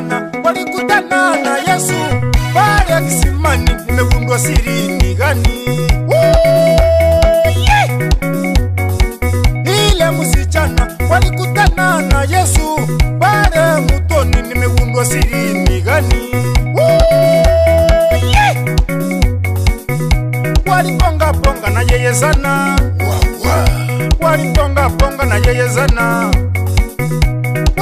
mchana walikutana na Yesu pale kisimani. Imegundua siri ni gani? Ile msichana walikutana na Yesu pale mtoni. Nimegundua siri ni gani? Waliponga ponga na yeye sana, waliponga ponga na yeye sana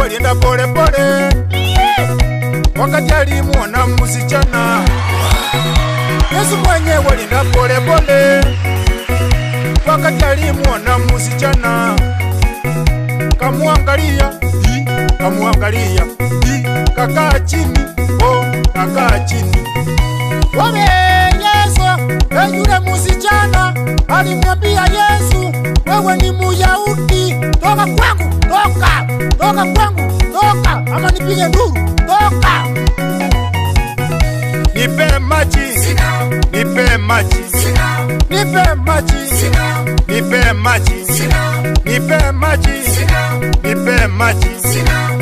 walienda polepole wakati alimuona msichana. Yesu mwenye walienda polepole wakati alimuona msichana, kamuangalia kamuangalia, kakaa chini oh, kakaa chini wameelezwa yesu e yule msichana alimwambia Yesu, wewe ni Muyahudi, toka kwangu. toka toka kwangu toka ama nipige nduru toka nipe machi nipe machi nipe machi nipe machi nipe machi nipe machi nipe machi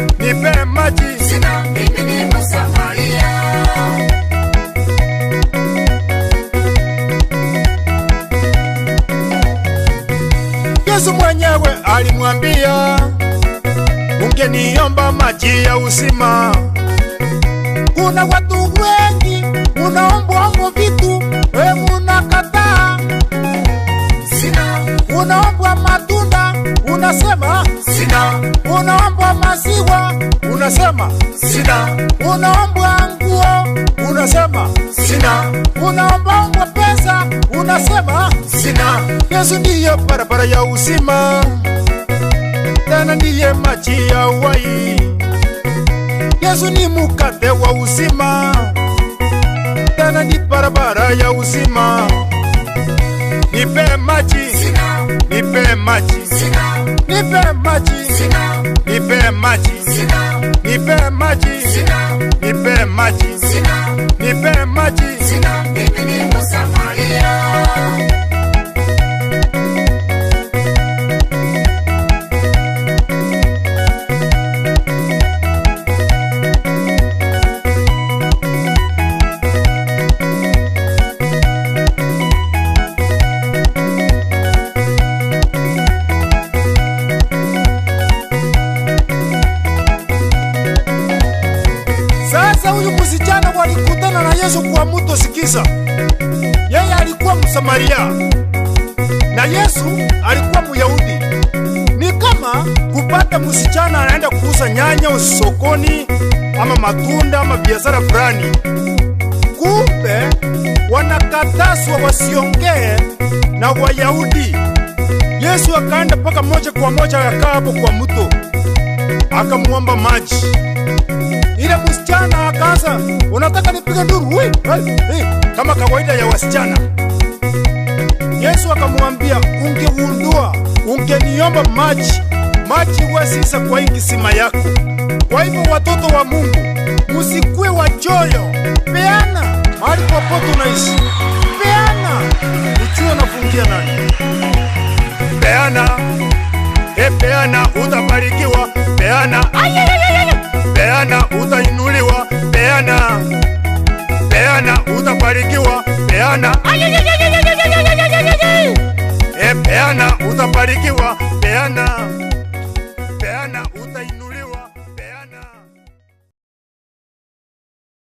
Yesu mwenyewe alimwambia, ungeniomba maji ya uzima. Kuna watu wengi unaombwa vitu, wewe unakataa. Sina. Unaombwa matunda, unasema sina. Unaombwa maziwa, unasema sina. Unaombwa nguo, unasema sina. Unaombwa pesa, unasema sina yesu ndiye barabara ya uzima tena ndiye maji ya uhai yesu ni mukate wa uzima tena ni barabara ya uzima nipe maji nipe maji nipe maji nipe maji nipe maji nipe maji hata huyu msichana walikutana na Yesu kwa mto sikisa Yeye alikuwa Msamaria na Yesu alikuwa Myahudi. Ni kama kupata msichana anaenda kuuza nyanya sokoni ama matunda ama biashara fulani, kumbe wanakataswa wasiongee na Wayahudi. Yesu akaenda mpaka moja kwa moja akakaa hapo kwa mto, akamwomba maji ile msichana hey, eh, kama kawaida ya wasichana. Yesu akamwambia, ungehundua ungeniomba maji, maji huwa kwa kwa kisima yako. Kwa hivyo watoto wa Mungu, musikue wachoyo, peana mahali popote unaishi, peana. Nichue nafungia nani? Peana, e peana, utabarikiwa. Peana, ayayay peana, utabarikiwa, peana.